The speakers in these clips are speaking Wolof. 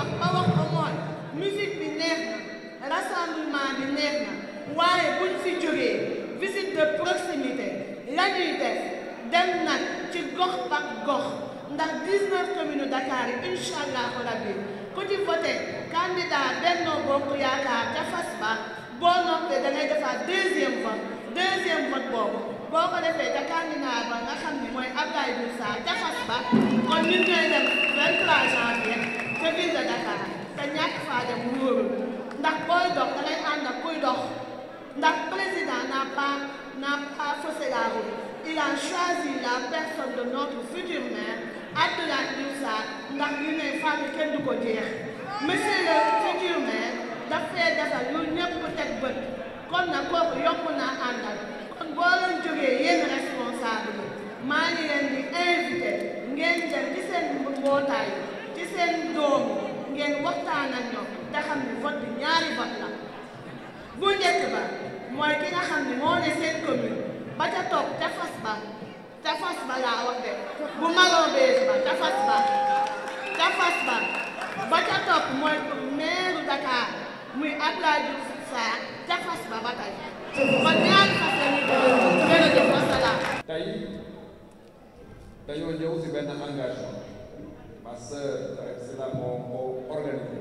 wax ba wax ba mool musique bi neex na rassemblement bi neex na waaye buñ fi jógee visite de proximité la def dem nag ci gox par gox ndax 19 communes Dakar yi incha allahu ku ci voté candidat Benno Bokk Yaakaar ca fas ba boo noppee da ngay defaat deuxième vote deuxième vote boobu boo ko defee ca candidat ba nga xam ni mooy Abdoulaye Diouf Sarr ca fas ba kon ñun ñooy dem 23 janvier te ville de Dakar te ñàkk faa dem wóorul ndax booy dox da lay kuy dox ndax président n'a pas n'a pas faussé la route il a la personne de notre futur maire Abdoulaye Diouf Sarr ndax li ne fànn jeex monsieur le futur maire dafay defar lu ñëpp teg bët kon na kooku yokk naa àndal kon boo leen jógee yéen responsable bi maa ngi leen di invité ngeen jël ci seen mbootaay seen doom ngeen waxtaan ak ñoom te xam ne vote bi ñaari vote la bu njëkk ba mooy ki nga xam ne moo ne seen commune ba ca toog ca fas ba ca fas ba laa wax de bu maloo bee ba ca fas ba ca fas ba ba ca topp mooy meeru ñaari fas la ñuy jëloon jërëjëf wasalaam. tey sœur Tarek Sylla moo ko organisé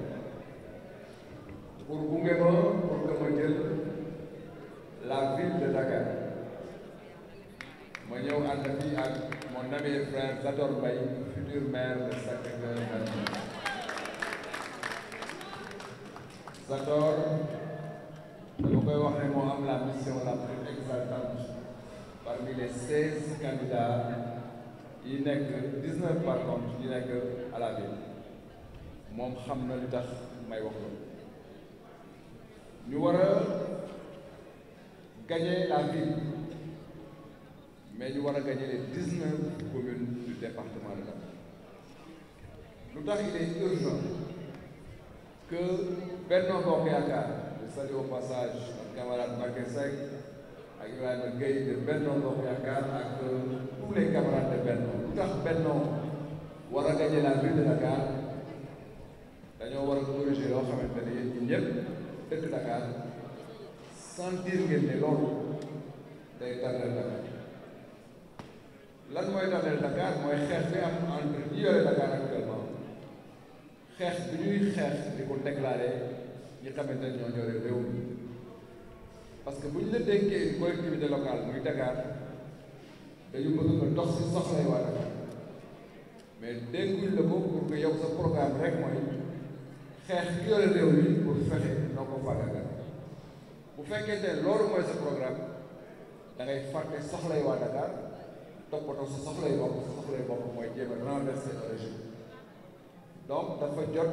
pour gunge ma pour que ma la ville de Dakar ma ñëw ànd fii ak mon ami frère Zator Mbaye futur maire de Sacré-Cœur Zator dama koy wax ne moo am la mission la plus exaltante parmi les seize candidats yi nekk 19 par contre yi nekk à moom xam na li tax may wax loolu ñu war a gagner la ville mais ñu war a gagner les 19 communes du département de Dakar lu tax il est urgent Bokk Yaakaar je salue passage notre camarade Mbacké Seck ak Ibrahima Gueye de Benno Bokk Yaakaar ak euh, tous les camarades de Benno lu tax Benno war a gagner la ville de Dakar dañoo war a corriger yoo xamante ne yéen ñi dëkk Dakar sentir ngeen ne day tardeel Dakar lan mooy tardeel Dakar mooy xeex bi am entre ñi yore Dakar actuellement xeex bi ñuy xeex di ko déclarer ñi xamante ne ñoo réew parce que bu ñu la dénkee collectivité locale muy Dakar dañu bëgg nga dox si soxlay waa Dakar mais dénkuñ la ko pour nga yow sa programme rek mooy xeex ki yore réew mi pour fexe noo ko faagaagal bu fekkee ne loolu mooy sa programme da ngay fàtte soxlay waa Dakar toppatoo sa soxlay bopp sa soxlay bopp mooy jéem a renverser le régime donc dafa jot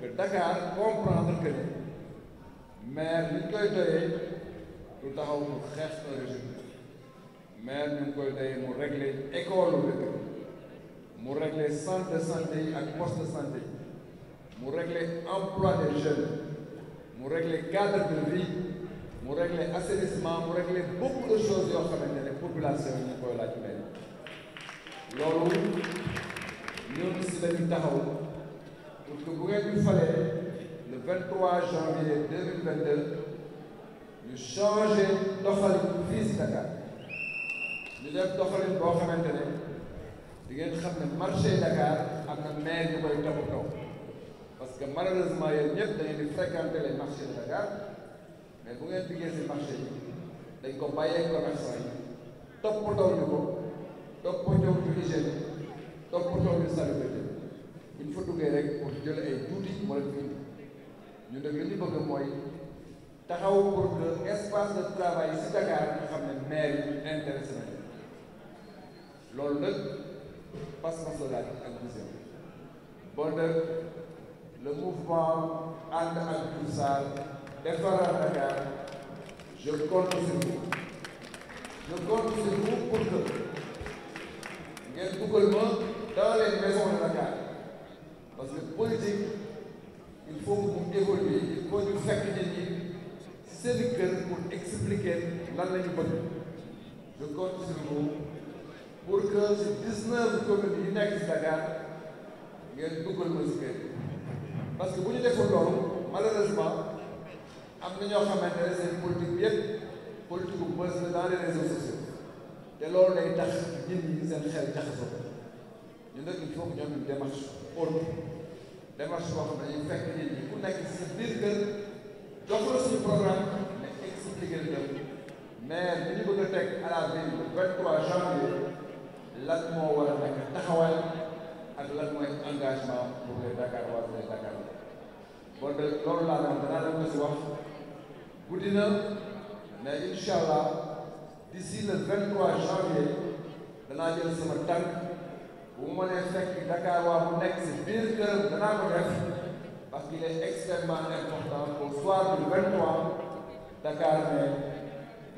que Dakar comprendre que ni maire li ñu koy doyee. lu taxaw mu xeex un régime maire ñu ngi koy day mu régler école dëkk mu régler centre de santé ak poste de santé mu régler emploi des jeunes mu régler cadre de vie mu régler assainissement mu régler beaucoup de choses yoo xamante ne population yi ñu koy laaj mel loolu ñun si lañu taxaw pour que bu falee le 23 janvier 2022 ñu changé doxalin fii si Dakar ñu def doxalin boo xamante ne di ngeen xam ne marché Dakar am na maire yu koy taxu taw parce que malheureusement yéen ñëpp dañuy di fréquenter les marché de Dakar mais bu ngeen diggee si marché yi dañ ko bàyyee commerçant yi toppatoo ñu ko toppatoo ñu hygiène toppatoo ñu salubrité il faut duggee rek pour jël ay tuuti wala tuuti ñu nag li ñu bëgg mooy. taxaw pour que espace de travail si Dakar nga xam ne maire yi intéressé nañu loolu nag pas-pas ak vision bon nag le mouvement ànd ak Doussal defaral Dakar je compte sur vous je compte sur vous pour que ngeen dugal ma dans les Dakar parce que politique il faut que mu évoluer il faut fekk nit ñi séducteur pour expliquer lan la ñu bëgg je compte sur vous pour que si parce que bu ñu deful loolu malheureusement am na ñoo xamante ne seen politique yëpp politique bu bës la dans les réseaux sociaux te loolu day tax nit ñi seen xel jaxasoo ñu nag il faut ñoom ñu démarche haute démarche boo xam ne dañuy fekk nit nekk si biir jox ko programme expliqué li def mais bi a teg à la ville le janvier lan moo war a nekk taxawaay ak lan mooy engagement pour les Dakar waa les Dakar bon de loolu laa doon danaa dem si wax guddi na mais incha allah d'ici le 23 janvier danaa jël sama tànk bu ma mënee Dakar waa bu nekk si biir kër danaa ko parce qu'il est extrêmement important au soir du 23 Dakar ne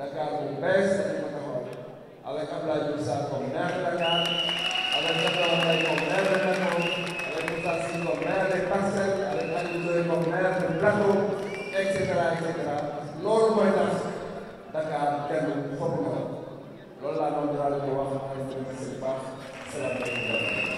Dakar bu bees dañu ko taxawal avec Abdoulaye Diouf Sarr comme maire de Dakar avec Abdoulaye Mbaye comme maire de Plateau avec Moussa Sy comme maire des Parcelles avec Aliou Ndoye comme maire de Plateau et cetera et cetera loolu mooy tax Dakar kenn foofu nga xam loolu laa doon daal di ko wax ak baax salaamaaleykum